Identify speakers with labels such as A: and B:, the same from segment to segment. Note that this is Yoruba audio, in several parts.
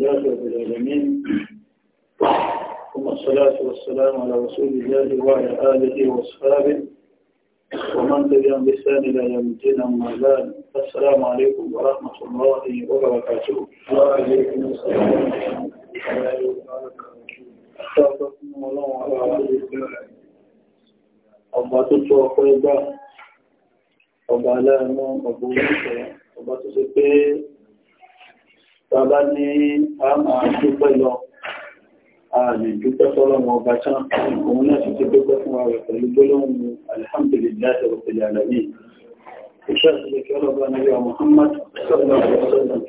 A: لله رب العالمين ثم الصلاة والسلام على رسول الله وعلى آله وأصحابه ومن تبعهم بإحسان إلى يوم الدين أما بعد السلام عليكم ورحمة الله وبركاته. وعليكم السلام ورحمة الله وبركاته. ọba tó tó ọpẹ́ gbà ọba aláàánú ọba oníṣẹ́ ọba tó ṣe pé bàbá ní a máa dúpẹ́ lọ a lè dúpẹ́ fọ́lọ́wọ́ ọba tán òun náà ti ti dúpẹ́ fún wa rẹ̀ pẹ̀lú gbólóhùn alhamdulillahi rabbil alamin iṣẹ́ ìṣẹ́lẹ̀kẹ́ ọlọ́gbà nílẹ̀ Muhammad sallallahu alaihi wasallam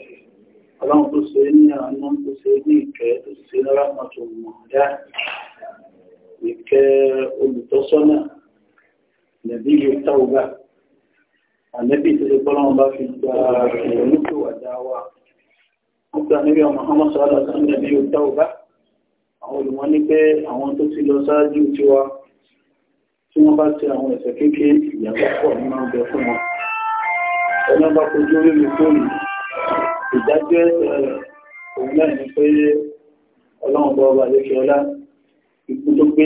A: ọlọ́run tó ṣe ní àánú tó ṣe ní ìkẹ́ tó ṣe lára mọ́tò mọ̀ọ́dá ìkẹ́ olùtọ́sọ́nà nàbí yóò táwọ́ bá ànẹ́bí tó ṣe gbọ́lọ́run bá fi gba ìrònúkò àdáwà nígbà níbi ọmọ ọmọ sọ́lá sọ́lá ní ọjọ́ ọba àwọn olùmọ́ ní pé àwọn tó ti lọ sáájú tí wá tí wọ́n bá ti àwọn ẹ̀ṣẹ̀ kéékèé ìyàwó pọ̀ ní máa ń bẹ fún wọn ẹni ọba kojú orí mi fóònù ìdájọ́ ẹ̀ṣẹ̀ eh, rẹ̀ òun náà ní pé ọlọ́run bọ́ ọba lókè ọlá ikú tó gbé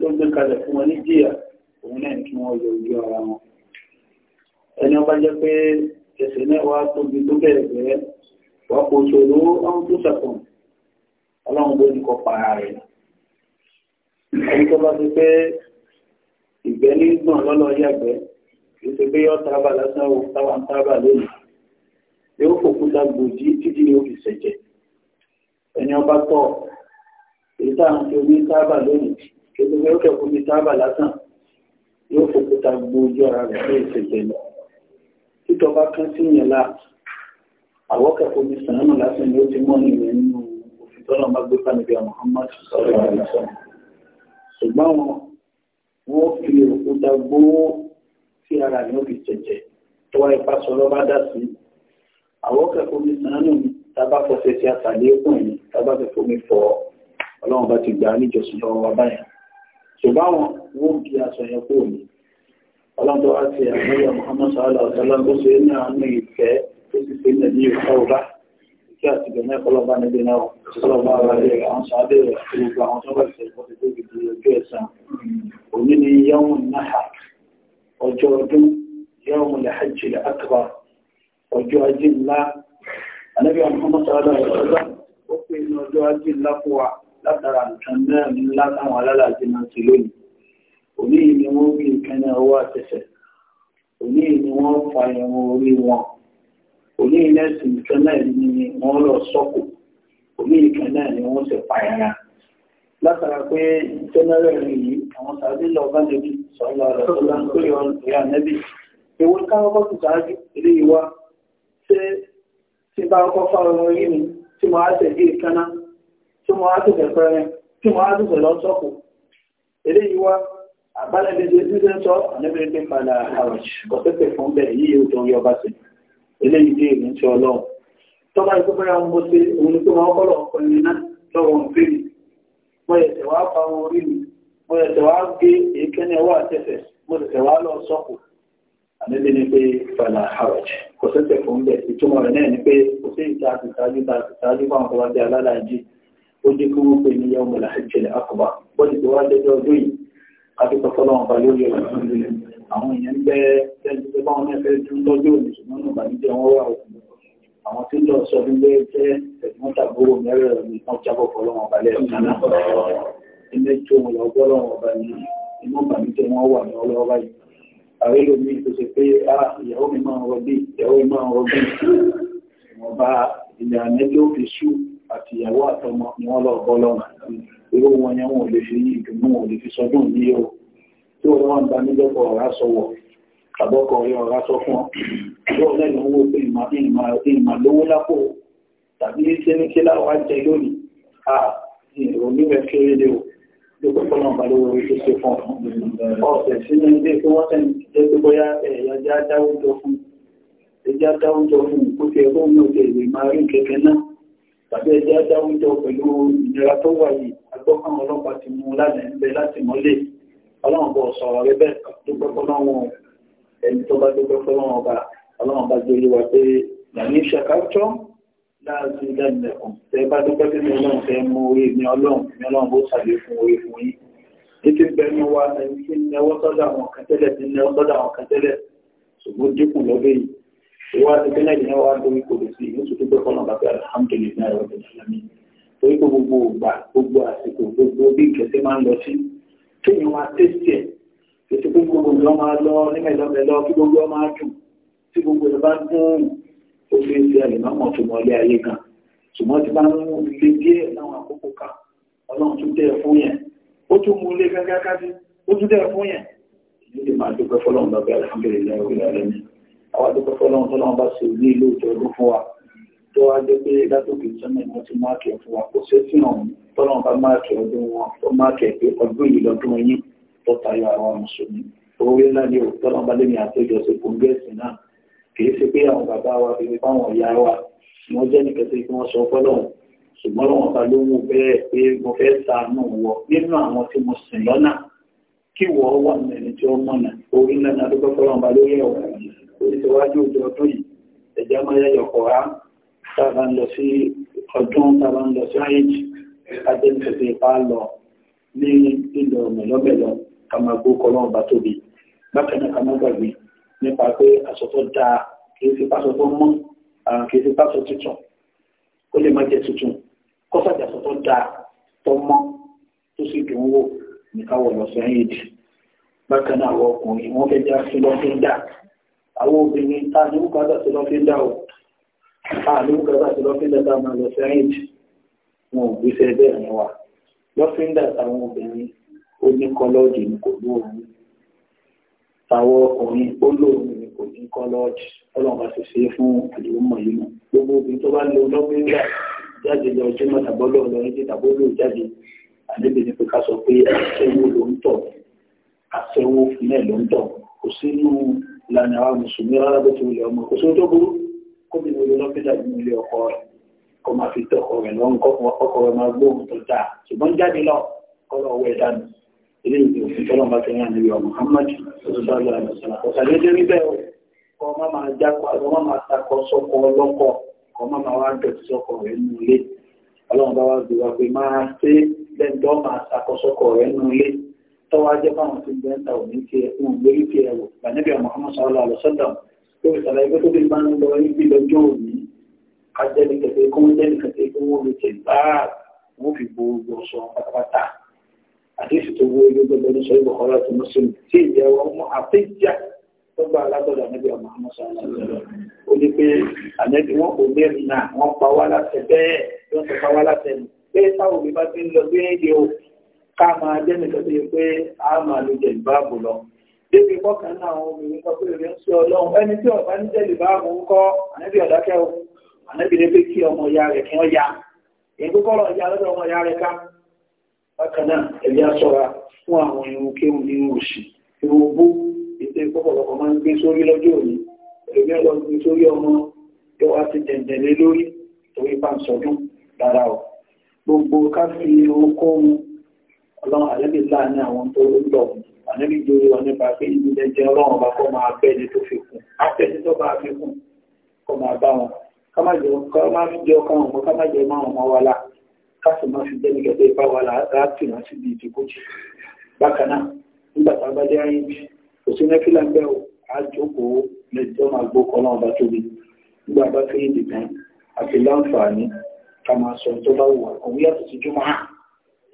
A: tó gbé kalẹ̀ jẹ́ pé ẹ̀ṣẹ̀ náà tóbi tó bẹ̀rẹ̀ wọ́n kò ṣòro ọ̀hún tó ṣẹ̀kùn ọlọ́run bó ní kọ́ para rẹ̀. ẹni tó bá ti pé ìgbẹ́ ní gbọ̀n lọ́lọ́ yàgbẹ́ kì í ṣe pé yọ́ tábà lásán o táwa ń tábà lónìí yóò fòkúta gbòdì títí ní òfì ṣẹ̀jẹ̀ ẹni ọba tọ̀ èyí tá à ń fi omi tábà lónìí kì í ṣe pé tábà lásán yóò fòkúta gbòdì ọ̀rá rẹ̀ ní ìṣẹ̀jẹ̀ lọ títọ́ bá kán sí yẹn láàbù àwọ́kẹ̀kọ́ ní sàánù lásán ni ó ti mọ́ nìyẹn nínú òfin tọ́nà bá gbé fánibí Muhammad sọ̀rọ̀ àìsàn ṣùgbọ́n wọn wọ́n fi òkúta gbó sí ara ní òfin jẹ̀jẹ̀ tó wá ipa sọ̀rọ̀ bá dà sí àwọ́kẹ̀kọ́ ní sàánù tábà fọṣẹ sí àtàlẹ́ ẹ̀kùn ẹ̀yìn tábà fẹ́ fomi fọ ọlọ́run bá ti gbà níjọsìn lọ́wọ́ wa báyìí ṣùgbọ́n wọ́n bí aṣọ yẹn kúrò ní ọlọ́run tó wá ti àmúyẹ سيدنا دي وتوبة كاتب بنا قال الله بنا بنا صلى الله عليه وسلم صعدي وقلوب عن صبر سيقول دوك الجيسة ومن يوم النحر وجود يوم الحج الأكبر وجود الله النبي محمد صلى الله عليه وسلم وفي وجود الله قوة لا ترى أن لا تعمل لا تنسي لوني òní ni wọ́n rí ìkànnì ọwọ́ àtẹsẹ̀ òní ni wọ́n fa ẹ̀wọ̀n orí wọn òní ilẹ̀ sì nìkan náà ni wọ́n lọ sọ́kù òní nìkan náà ni wọ́n sì pa ẹran látara pé jẹ́nẹ́rẹ́ rẹ̀ yìí àwọn sàbí lọ bá nẹ́bí sọ́lá rẹ̀ tó lá ń pè ọ́ ìyá nẹ́bí ewé káwọ́kọ́ tó sáájú ilé ìwá ṣé tí bá kọ́ fáwọn orí mi tí mo á tẹ̀ bí ìkaná tí mo á tẹ̀fẹ̀ pẹ́rẹ́ tí mo á tẹ̀fẹ̀ lọ sọ́kù ilé ìwá àbálẹ́bí ṣe ṣíṣe ń sọ ànẹ́bí pé padà àwọ̀ṣ kọ̀tẹ́fẹ̀ fún bẹ́ẹ̀ yíyí ó tó yọba sí eléyìí dé ìlú ti ọlọ́run tọ́ba ikú bẹ́ra wọn bó ṣe òun ni pé wọn kọ́lọ̀ ọkọ̀ ẹni náà lọ́wọ́ ń pè mí mo ẹ̀sẹ̀ wá pa wọn orí mi mo ẹ̀sẹ̀ wá gé èékẹ́ni ọwọ́ àtẹ̀fẹ̀ mo ẹ̀sẹ̀ wá lọ sọ́kù àmẹ́bí ni pé fàlà haraj kò sẹ́sẹ̀ fún bẹ́ẹ̀ ìtumọ̀ rẹ̀ náà ni pé kò sí ìta àwọn èèyàn bẹ tẹ́jú pé báwọn fẹ́ dún lọ́jọ́ òní ṣùgbọ́n náà bàjẹ́ wọn wà òkú àwọn tí lọ sọ fún pé jẹ́ ẹ̀gbọ́n tàbúrò mẹ́rẹ̀ ni jábọ̀ fọlọ́wọn balẹ̀ ọ̀kan náà ilé tó wọn lọ gbọ́lọ́wọn ọba ní inú bàjẹ́ wọn wà ní ọlọ́wọ́ báyìí àwọn ẹlòmí tó ṣe pé ìyàwó mi máa ń rọbí ìyàwó mi máa ń rọbí wọn bá ilẹ̀ tí wọ́n wọ́n bá nílọ́pọ̀ ọ̀rá sọ̀wọ̀ tàbọ́kọ̀ ọ̀rẹ́ ọ̀rá sọ fún ọ yóò lẹ́nu owó pé ìmà lówó lápò tàbí ṣe ní kí láwọn jẹ lónìí à ìròyìn rẹ̀ kéré o lókè fọ́nà bá lówó orí tó ṣe fún ọ ọ̀sẹ̀ sí ní ilé tí wọ́n tẹ̀ jẹ́ pé bóyá já dáwùjọ fún ẹjá dáwùjọ fún kó ti ẹ̀kọ́ ní òkè ìwé máa rí kẹ̀kẹ́ náà tàbí ẹjá dáwùjọ pẹ̀lú ìnira tó wà yìí agbọ́kàn ọlọ́pàá ti mú láti mọ́lé ọlọ́run bọ̀ sọ̀rọ̀ rẹ bẹ́ẹ̀ dúpẹ́ fọlọ́run ẹni tó bá dúpẹ́ fọlọ́run ọba ọlọ́run bá gbélé wa pé yàní ṣàkàtọ́ láti lẹ́nìlẹ̀kùn tẹ bá dúpẹ́ fún mi ọlọ́run tẹ mú orí mi ọlọ́run mi ọlọ́run bó sàlẹ̀ fún orí fún yín títí bẹnu wa ẹni tí ń nẹwọ́ sọ́dọ̀ àwọn kan tẹ́lẹ̀ ti nẹwọ́ sọ́dọ̀ àwọn kan tẹ́lẹ̀ ṣùgbọ́n dínkù kéèyàn máa tẹ́sí ẹ̀ ètò pé gbogbo ìlú máa lọ nímẹ̀lọ́mẹ̀lọ́ kí gbogbo ọmọ dùn tí gbogbo ìlú bá dùn ó fi ṣe àlèmọ́mọ́ tó mọ́lé ayé kan ṣùgbọ́n ti bá ń lé díẹ̀ láwọn àkókò kan ọlọ́run tún tẹ́ ẹ fún yẹn ó tún mú lé gángan kájú ó tún tẹ́ ẹ fún yẹn ìlú lè máa dúpẹ́ fọlọ́run lọ́bẹ̀ alhamdulilayi ọ̀rẹ́ rẹ̀ ni àwọn àdúpẹ́ fọlọ́run tó lọ́wọ́ bá ṣe ní ilé ìjọ ọdún fún wa tó wá jẹ́ pé látòkè sọ́nà ìwọ̀n ti máàkì fún wa kò sí sí ọ̀hún tọ́lọ́n bá máàkì ọdún wọn tó máàkì pé ọdún yìí lọ́dún yín tó tayọ àwọn mùsùlùmí owó ńlá ni ò tọ́lọ́n bá lé ní àpéjọ sí kòǹgẹ́sì náà kì í ṣe pé àwọn bàbá wa fi fi fáwọn ìyá wa wọ́n jẹ́ nìkan sí kí wọ́n sọ fọ́lọ́hún ṣùgbọ́n lọ́wọ́n bá ló mú bẹ́ẹ̀ pé mo fẹ́ ṣàánú wọ nínú àwọn tí mo sìn lọ́nà kí wọ́n wà mẹ́rin tí ó mọ̀nà orí ńlá ni adúgbò fọ́lọ́hún bá lórí ẹ̀wọ̀n orí tí wájú òjò ọdún yìí ẹ̀jẹ̀ máa yẹ yọ̀kọ̀ rá tàbá ń lọ sí ọdún tàbá ń lọ sí àìjì adẹ́nifẹ̀fẹ̀ ipá lọ ní ìlọ mẹ̀lọ́mẹ̀lọ́ kàmàgbó kọlọ́run bá tóbi bákan náà kàmàgbàgbé nípa pé àsọtọ́ dáa kìí fi pásọ tó mọ́ kìí fi pásọ tuntun ó lè má jẹ tuntun kọ́sàjà sọ́tọ́ dáa tó mọ́ tó sì dùn wò nìkan wọ̀ lọ sí àìjì bákan náà àwọn ọkùnrin wọ́n fẹ́ já sí lọ́fíńdà àwọn obìnrin ta ní bùkátà sí lọ́fíńdà àlùkò láti lọ́fíńdà tá a máa lọ sí ẹ̀yìnjì wọn ò gbéṣẹ́ bẹ́ẹ̀ ni wà lọ́fíńdà táwọn obìnrin ó ní kọ́lọ́ọ̀dì ni kò lóorun táwọn ọkùnrin ó lóorun ni kò ní kọ́lọ́ọ̀dì ọlọ́run bá ti ṣe é fún àdìgbòmọ̀ yìí nù gbogbo obìnrin tó bá lo lọ́fíńdà jáde lọ jẹ́mọ́ tàbọ́lọ́ ọlọ́rin tí kò sínú ìlànà àwọn mùsùlùmí rárá bó ti wulẹ̀ ọmọ kò sóhun tó burú kóbìnrin olè lọ́fíìsà nínú ilé ọkọ rẹ̀ kó máa fi tọ́ ọkọ rẹ̀ lọ ń kọ́kọ́ ọkọ rẹ̀ máa gbóhùn tó dáa ṣùgbọ́n jáde lọ kọ́lọ̀ ọwọ́ ẹ̀ dànù ilé ìgbè òfin tọ́lọ̀ bá ti rán níbi ọmọ Muhammad sallallahu alaihi wasallam ọ̀sán ní débi bẹ́ẹ̀ o kọ́ má máa jákọ àbọ̀ má máa takọ sọ́kọ ọlọ́kọ kọ́ má máa wá dọ̀tí sọ́kọ rẹ̀ nínú ilé ọlọ́run bá wá gbé wa pé máa ṣe lẹ́ńdọ́ máa takọ sọ́kọ rẹ̀ nínú ilé tọ́wọ́ ajẹ́ fáwọn tí ń bẹ́ńtà òní ti ẹ̀ ń gbórí ti ẹ̀ wò tó fi sàlàyé pé tó fi máa ń lọ níbi lọ́jọ́ òní ajẹ́nìkẹ̀tẹ̀ kó ń jẹ́nìkẹ̀tẹ̀ kó wọ́n lè tẹ̀ bá wọ́n fi gbogbo sọ pátápátá àdéhùn tó wọ ilé gbogbo ní sọ́yìn bọ̀kọ́lá tó mọ́sọ́lù tí ìjẹ́ wọn mú àtẹ́jà tó gba alágbọ̀dọ̀ ànábì ọmọ àmọ́ sọ́lá ó ní pé ànábì wọn kò ní ẹ̀rí náà wọ́n pa wá láṣẹ bẹ́ẹ̀ wọ́n ti pa wá láṣẹ nù pé táwọn òbí bá ti ń lọ bí ẹ̀yẹ lo débi kọkàn náà àwọn obìnrin sọ pé ìrìn sí ọlọ́run ẹni tí ọ̀bá ní jẹ́lì bá mú ń kọ́ ànẹ́bí ọ̀dákẹ́ o ànẹ́bí ní pé kí ọmọ ìyá rẹ̀ kí wọ́n ya èyí tó kọ́rọ̀ ìyá lọ́dọ̀ ọmọ ìyá rẹ̀ ká bákan náà ẹ̀bí aṣọra fún àwọn irun kéhùn nínú òṣì irun ogbó ètò ìpọ́pọ̀lọpọ̀ máa ń gbé sórí lọ́jọ́ òní èmi ọlọ́ gbé sórí ọmọ yóò wá ti tẹ̀tẹ̀lé lórí torí bá ń sọdún dára o gbogbo ká fi irun kó ohun ọlọ́run àlẹ́bí láàrin àwọn tó ń lọ àlẹ́bí jórí wọn nípa pé ìlú jẹjẹ ọlọ́run bá kọ́ máa bẹ́ẹ̀ ni tó fi kún àtẹ́ni tó bá fi kún kọ́ máa bá wọn ká má fi jẹ́ ọkàn wọn ká má jẹ́ márùn wọn wá la ká sì má fi jẹ́ni gẹ́gẹ́ bá wà láti wọn sí ibi ìdìbò jì bákan náà nígbà tá a bá dé ayé bí kò sí nẹ́fílà ń bẹ́ o á jókòó lẹ́jọ́ máa gbó kọ́ náà bá tóbi nígbà bá fi ìdìbò àti láǹfààní ká máa sọ tó wù wá òun yàtọ̀ sí jùmọ̀ hàn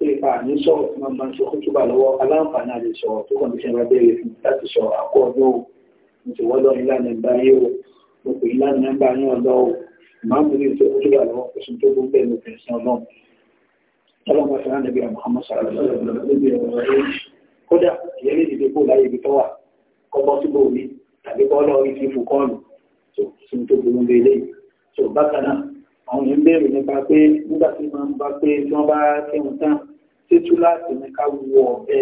A: pípa ní sọ̀rọ̀ tí wọ́n máa ń sọ kó túbà lọ́wọ́ aláǹfààní àti sọ̀rọ̀ tó kàn ní ṣe wá bẹ̀rẹ̀ fún láti sọ àkọ́ọ̀dọ́ o mo sì wọ́dọ̀ ìlànà ìbáyé o mo pè ìlànà nọ́mbà ní ọ̀dọ́ o màá mú ní ìṣe kó túbà lọ́wọ́ kó sì tó gbó bẹ́ẹ̀ mo fẹ̀ sàn lọ́n. ọlọ́mọ sàn án nàbí Muhammad sallallahu alaihi wasallam kódà ìyẹlẹ ìdílé kó láyé ibi tọ́wà kọ́bọ́ síbò mi tàbí kọ́ lọ́ọ́ ìfi fún kọ́ọ̀lù tó sì tó gbó ń bẹ́ẹ̀ lẹ́yìn tó bákan náà àwọn èèyàn béèrè nípa pé nígbà tí títú láti ní ká wo ọ̀bẹ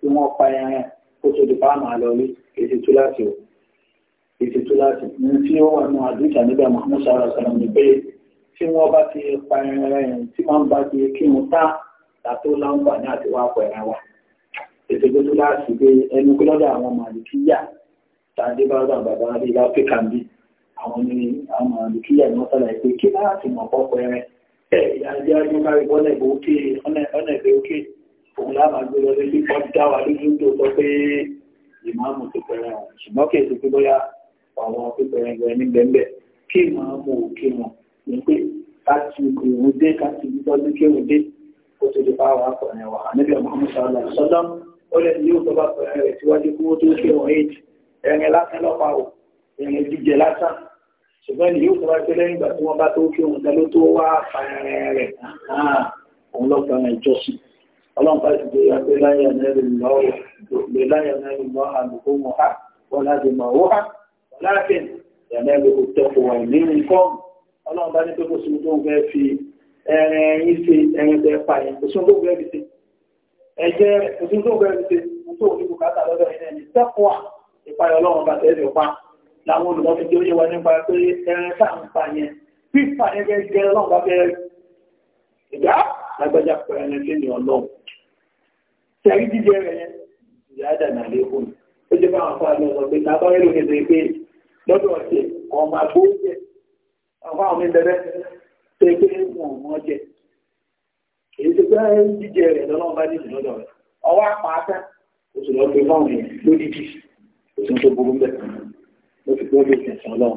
A: tí wọ́n pa ẹran kó tó di bá màá lọ rí èsì láti o èsì láti ní tí ó wà nù àdúgbà nígbà Muhammad sára sọ̀rọ̀ ní tí wọ́n bá ti pa ẹran tí wọ́n bá ti kí wọn tá tàtó láǹfààní àti wá pọ̀ ẹran wa èsì tó tú láti pé ẹnu kí lọ́dọ̀ àwọn màlìkíyà tàdé bá dà bàbá rí láfíríkà bí àwọn ní àwọn màlìkíyà kí láti mọ̀ pọ̀ ẹran ẹ̀yà ẹjọ́ kárí ọ̀nà ìgbẹ́ òkè ọ̀nà ìgbẹ́ òkè òun láàmà gbé lọ sí pọ́ dá wa lójú tó sọ pé ìmáàmù ti pẹ̀rẹ̀ wọn ṣùgbọ́n kì í ṣe pé bóyá àwọn pípẹ̀rẹ̀ ìgbẹ́ ní gbẹ̀ngbẹ̀ kí ìmáàmù òkè wọn ní pé káàtì òun dé káàtì ìtọ́jú kí òun dé ó ti di fáwọn akọ̀rin wa níbi ọmọ sọ́dọ̀ sọ́dọ̀ ó lè ní yóò tọ́ba lásán lọ́pàá ò ẹ̀rin jíjẹ lásán ṣùgbọ́n ni yóò fọwọ́ pé lẹ́yìn ìgbà tí wọ́n bá tó kí òun tẹ́ló tó wá fàyẹrẹ rẹ̀ ah, òun lọ́kàn ìjọsìn ọlọ́run bá ti dé abẹ́ láyà náírà lọ́wọ́ lè láyà náírà lọ́ àlùkò mọ̀ á wọ́n láti mọ̀ ó á wọ́n láti yàrá ẹgbẹ́ kò tẹ́kọ̀ọ́ wà nínú nǹkan ọlọ́run bá ní pé kò sí tó ń fẹ́ fi ẹrin yín ṣe ẹrin tẹ́ pa yẹn kò sí tó ń fẹ́ fi ṣe ẹ̀jẹ̀ kò sí tó ń fẹ́ fi ṣe kò tó ń fi bùkátà lọ́dọ̀ yẹn ní tẹ́kọ̀ọ́ ìpayọ̀ ọlọ́run bá tẹ́lẹ̀ pa láwọn olùkọ́ fi jẹ́ nípa pé ẹran tá ń pa yẹn pípa yẹn gẹ́gẹ́ gẹ́gẹ́ ọlọ́run bá bẹ́ẹ̀ jíjẹ rẹ̀ yẹn ìyá àdànà lẹ́kùn rẹ̀ lókè tó pé lọ́dọ̀ ọ̀sẹ̀ ọmọ àgbóúnjẹ àwọn ló fi gbọ́dọ̀ ìsìn sàn lọ.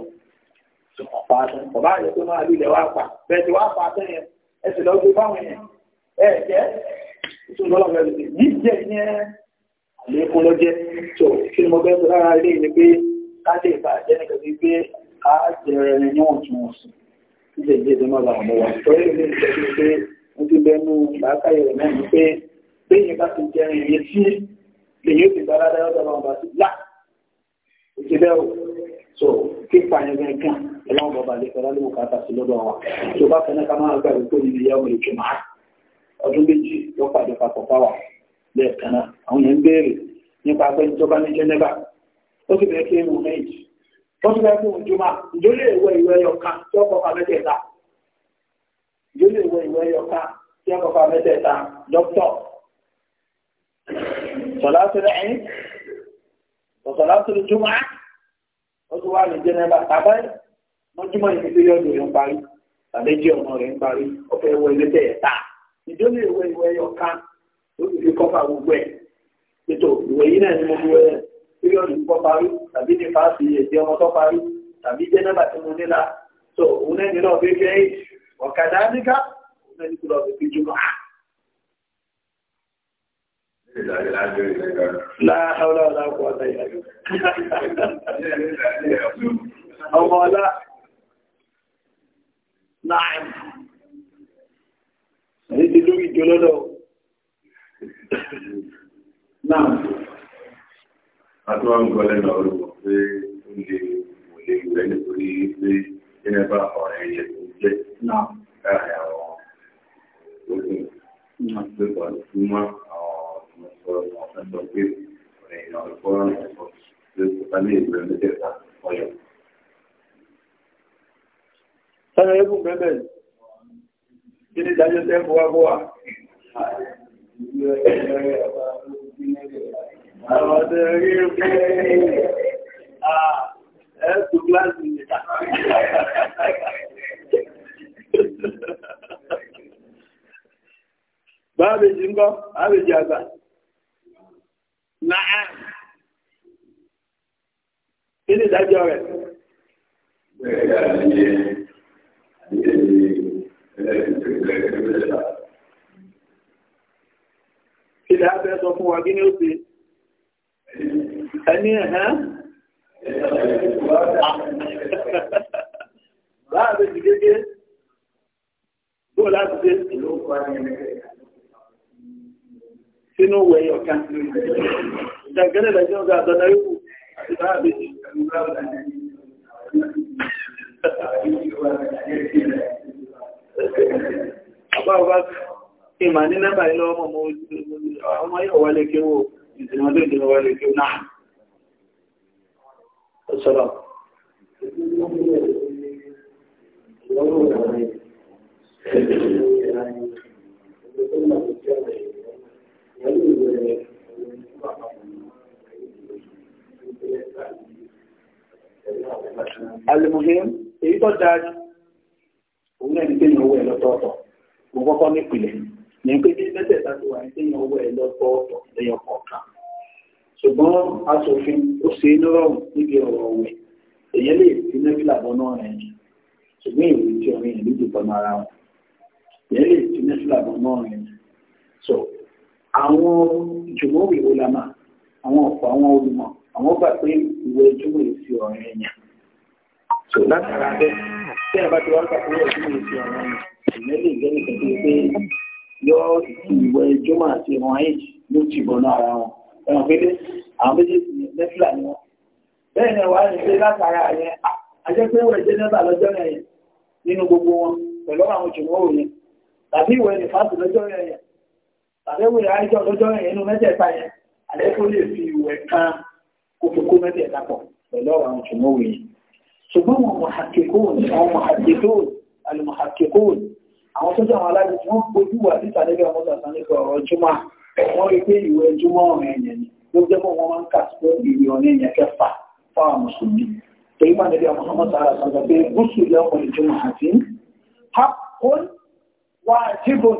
A: Sọ̀rọ̀ pa á tán. Bàbá àyè tó máa lulẹ̀ wá pa. Bẹ́ẹ̀ ti wá pa tán yẹn. Ẹ sì lọ gbé fáwọn yẹn. Ẹ jẹ́ ìtún lọ́lọ́ fẹ́ lùdì. Jíjẹ yẹn àlékún ló jẹ́. Tó kí ni mo fẹ́ sọ lára ilé ni pé ká lè bá jẹ́ nìkan sí pé ká jẹrẹ ẹni níwọ̀n tún wọn sùn. Jíjẹ jíjẹ tó máa bà wọ́n wá. Torí mi ń sọ pé mo ti bẹnu làákàyè rẹ̀ náà ni pé béèyàn bá ti jẹrin ìyẹn tí lèyìn ó ti gbára dáyọ́ tọ́lọ́wọ́n bá so kíkpa yẹn kan ọlọ́run bọ̀bà lè fẹ́rẹ́ lówó kàtà lọ́dọ̀ wa tó bá fẹ́rẹ́ ká máa gbàgbé pé níbi yẹ́wò lè jùmọ̀ ọdún méjì ló pàdé papọ̀ fáwà lẹ́ẹ̀kan náà àwọn yẹn ń béèrè nípa pé ní ó sì bẹ́ẹ̀ kí ó sì bẹ́ẹ̀ kí ìjọ lè wọ ìwé tí ó mẹ́tẹ̀ẹ̀ta ó tún wá ní jẹnẹba tàbá mọ́júmọ́ ní pípé yọ̀dù rẹ̀ ń parí tàbẹ́jì ọmọ rẹ̀ ń parí ó fẹ́ wọ ilé tẹ̀ ta ìdólé ìwé ìwé ọ̀ka ó sì fi kọ́fà gbogbo ẹ̀ ètò ìwé yìí náà ni mo fi wẹ́ píríọ̀dù kọ́ parí tàbí ní fásitì èdè ọmọ tó parí tàbí jẹnẹba tí mo ní la tó òun náà ní lọ́ọ́ fi fẹ́ ọ̀kadà òun náà ní kí lọ́ọ́ fi fi La haula wala quwwata illa billah. Ọmọ ọlá. Naim. Èyí ti lórí ìjọ lọ́dọ̀. Náà. Àtúwà ń gbọ́ lẹ́nà orúkọ pé ó lè wò lè rẹ̀ nítorí pé ẹgbẹ́ bá ọ̀rẹ́ ẹ̀yẹ tó jẹ́ láàárín àwọn ogun. Náà. Pé pàdé fún máa por tanto que no recuerdan por también realmente está oye sabe algo bebé tiene daño de agua agua Ah, es ń gọ́, àbèjì àgbà náà kí ni ìdájọ́ rẹ̀? Kí ni a fẹ́ sọ fún wa kí ni ó ṣe? Ẹni ẹ̀hán? Ah. Láàrín ìgbégé, bóò láti dé ìlú ọkọ̀ sínú wẹ̀ ọ̀kan ìjàngẹ́lẹ̀ lẹ́jọ́ ọ̀gá àdọ́nà ikú àti bá àbẹ́jì àbáwọ̀bá kí ma ní nẹ́bà ilẹ̀ ọmọ ọmọ yóò wà alimuhim èyí tó dájú òun náà ní pé yàn owó ẹ̀ lọ́tọ̀ọ̀tọ̀ mo kọ́kọ́ nípìnlẹ̀ ní pé bí mẹ́tẹ̀ẹ̀ta ti wà ní pé yàn owó ẹ̀ lọ́tọ̀ọ̀tọ̀ lẹ́yọ kọ̀ọ̀kan ṣùgbọ́n aṣòfin ó ṣe é lọ́rọ̀rùn níbi ọ̀rọ̀ ọ̀wẹ̀ èyàn lè fi nẹ́fìlà bọ́nà rẹ̀ yìí ṣùgbọ́n ìwé tí ọ̀rẹ́ yẹn ló dìbọn ara wọn èyàn lè fi nẹ́fìlà bọ́nà rẹ̀ yìí àwọn jùmọ̀ ìwé lamà àwọn ọ̀pọ̀ àwọn olùmọ̀ àwọn gbà pé ìwé jùmọ̀ èsì ọ̀rẹ́ ẹ̀yàn tó látara bẹ́ẹ̀ tí a bá ti wá gbà pé ìwé jùmọ̀ èsì ọ̀rẹ́ ẹ̀yàn ìyẹn lè jẹ́ nìkan tó yẹ pé yọ ìwé jùmọ̀ àti ìwọ̀n ayéjì ló ti bọ̀nà ara wọn ẹ̀wọ̀n pé àwọn méjèèjì mẹ́fìlà ni wọ́n bẹ́ẹ̀ ni wàá ní pé látara yẹn àjẹpẹ́ ìwé jẹ́ nẹ́bà lọ́jọ́ yẹn nínú gbogbo wọn pẹ̀lú àwọn jùmọ̀ òye tàbí ìwé nìfàsì lọ́jọ́ yẹn àbẹ́wò àìjọ lọ́jọ́ ẹnu mẹ́tẹ̀ẹ̀ta yẹn àlẹ́kọ́ lè fi ìwẹ̀ kan kókókó mẹ́tẹ̀ẹ̀ta pọ̀ pẹ̀lú ọ̀rọ̀ àwọn tòmọ́wé yìí ṣùgbọ́n wọn mọ̀hàkẹ́kọ́ọ̀n àwọn mọ̀hàkẹ́kọ́ọ̀n alùmọ̀hàkẹ́kọ́ọ̀n àwọn tó jẹ́ àwọn aláàbò tí wọ́n gbójú wà níta lẹ́gbẹ̀ẹ́ ọmọ sàtán nípa ọ̀rọ̀ jùmọ̀ wọ́n rí pé ìwẹ̀ jùmọ̀ ọ̀rọ̀ ẹ̀yẹ̀ ni ló jẹ́ mọ́ wọn máa ń kà sí ìwẹ̀ ọ̀nà ẹ̀yẹ̀ kẹfà fáwọn mùsùlùmí torí máa nẹ́bí àwọn ọmọ sàrà sọ̀rọ̀ pé gúúsù lọ́kùnrin jùmọ̀ àti hápọ́n wájibọ̀n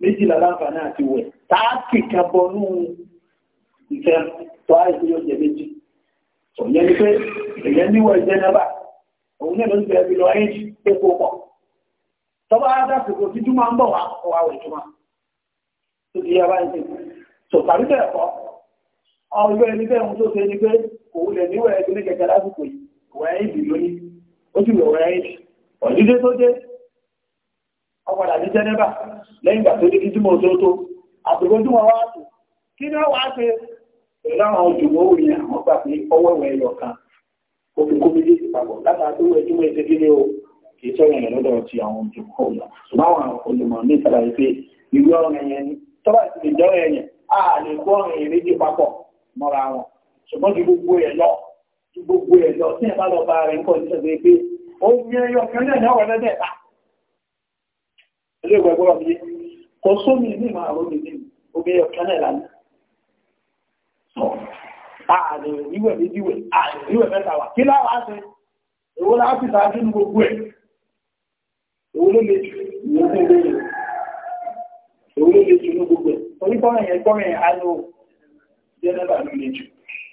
A: méjìlá láǹfààní ati wẹ̀ táàkì kan ìfẹ́ tó àìsí yóò jẹ méjì òyìn ni pé èyàn níwọ̀ ìjẹ́ nẹ́bà òun náà ló ń bẹ̀rẹ̀ bí lọ ayé epo pọ̀ tọ́ba adásìkò tí túmọ̀ ń bọ̀ wá wà wẹ̀ túmọ̀ tó ti yẹ bá ń ṣe kọ́ ẹni bẹ́ẹ̀ tó ṣe ni pé òun lè níwọ̀ ẹgbẹ́ lásìkò yìí wẹ̀ ọ̀padà ní jẹ́nẹ́bà lẹ́yìn ìgbà tó ní kí tímọ̀ tó tó àtùgbọ́n tí wọ́n wá tó kí ní wọ́n wá ṣe pẹ̀lú àwọn jùmọ̀ òrì àwọn gbà pé ọwọ́ ẹ̀wẹ̀ ẹ̀yọ̀ kan ó fi kó méjèèjì papọ̀ látara tó wẹ̀ jùmọ̀ ẹ̀ṣẹ̀ kíní o kì í sọ̀rọ̀ yẹn lọ́dọ̀ ti àwọn jùmọ̀ òrì ṣùgbọ́n àwọn olùmọ̀ ní ìsàlàyé pé irú ọ̀rọ̀ yẹn ni tọ́ba ti lè jọ́ ẹ̀yẹn a lè kó ọ̀rọ̀ yẹn méjì papọ̀ mọ́ra wọn ṣùgbọ́n ju gbogbo ẹ̀ lọ ju gbogbo ẹ̀ lọ tí ẹ̀ bá lọ bá rẹ̀ ń kọ́ ní sọ̀rọ̀ pé ó ń yẹ ẹyọ kan náà ilé ìwẹ̀ gbọ́dọ̀ mi kò sómi ní ìmọ̀ àrùn mi ní omi ọ̀kan náà lánàá ààrẹ ìwẹ̀ méjìwẹ̀ ààrẹ ìwẹ̀ mẹ́ta wà kí láwà á ṣe èwo láà fi ṣáájú ní gbogbo ẹ̀ èwo ló lè jù ní ọdún ilé yìí èwo ló lè jù ní gbogbo ẹ̀ torí tọ́rọ yẹn tọ́rọ yẹn á lò jẹ́nẹ́bà ló lè jù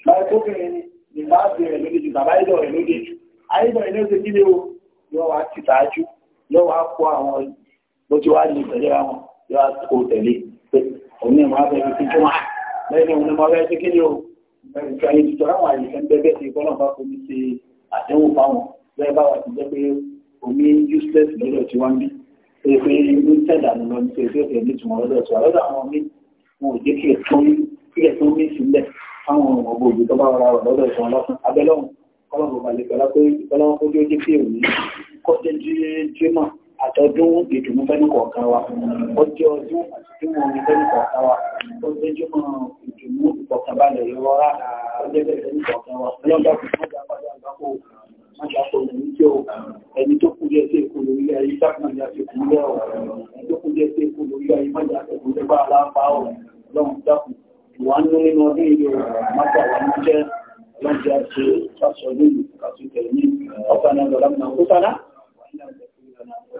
A: báyìí tó bẹ̀rẹ̀ ni nígbà bẹ̀rẹ̀ ló lè jù bàbá ìdọ̀ rẹ̀ ló lè jù ayédọ̀ rẹ̀ ló lè jù yóò wá ti ṣáájú yóò wá kó àwọn ó ti wá ní ìtẹ̀lẹ́ra wọn yóò kó tẹ̀lé pé òun ní máa bẹ̀rẹ̀ sí jọmọ́ lẹ́yìn òun ní máa bẹ̀rẹ̀ sí kí ni o ìgbà yìí ti tọ́ra àwọn àyíká ń bẹ́ẹ̀ sí bọ́lá bá fomi ṣe àdéhùn fáwọn bẹ́ẹ̀ bá wà ti jẹ́ pé omi useless lọ́dọ̀ tí wọ́n ń bí pé pé inú tẹ̀dà ni lọ́ni pé pé pé ní tùmọ̀ lọ́dọ̀ tí wọ́n lọ́dọ̀ àwọn mí wọn ò jẹ́ kí ẹ̀ tún kí ẹ̀ tún mí sílẹ̀ fáwọn ọgbọ̀n òbí tó bá wà lọ́dọ̀ tí wọ́n lọ́sùn abẹ́lọ́hùn kọ́lọ́ àtọ́dún ìdùnnú fẹ́nìkọ̀ọ̀kan wa ó jẹ́ ọdún àtìdúnmọ̀ orin fẹ́nìkọ̀ọ̀kan wa ó jẹ́júmọ̀ ìdùnnú ìfọ̀kànbalẹ̀ ìrọ̀rá ọjọ́bẹ̀ fẹ́nìkọ̀ọ̀kan wa ọlọ́dàkùn mọ́jà pàdé àgbákò mọ́jà kò ní tí ó ẹni tó kú jẹ́ sí èkó lórí ayé sákùnrin àti ìpínlẹ̀ ọ̀rọ̀ ẹni tó kú jẹ́ sí èkó lórí ayé mọ́jà kò ní bá aláǹfà ọ̀rọ̀ lọ́hùn dákùn ìwà ń nínú ọdún ìlú mọ́jà wà ní jẹ́ lọ́jà ṣe sásọ lónìí kàtúntẹ̀ ní ọ̀pá náà lọ́lá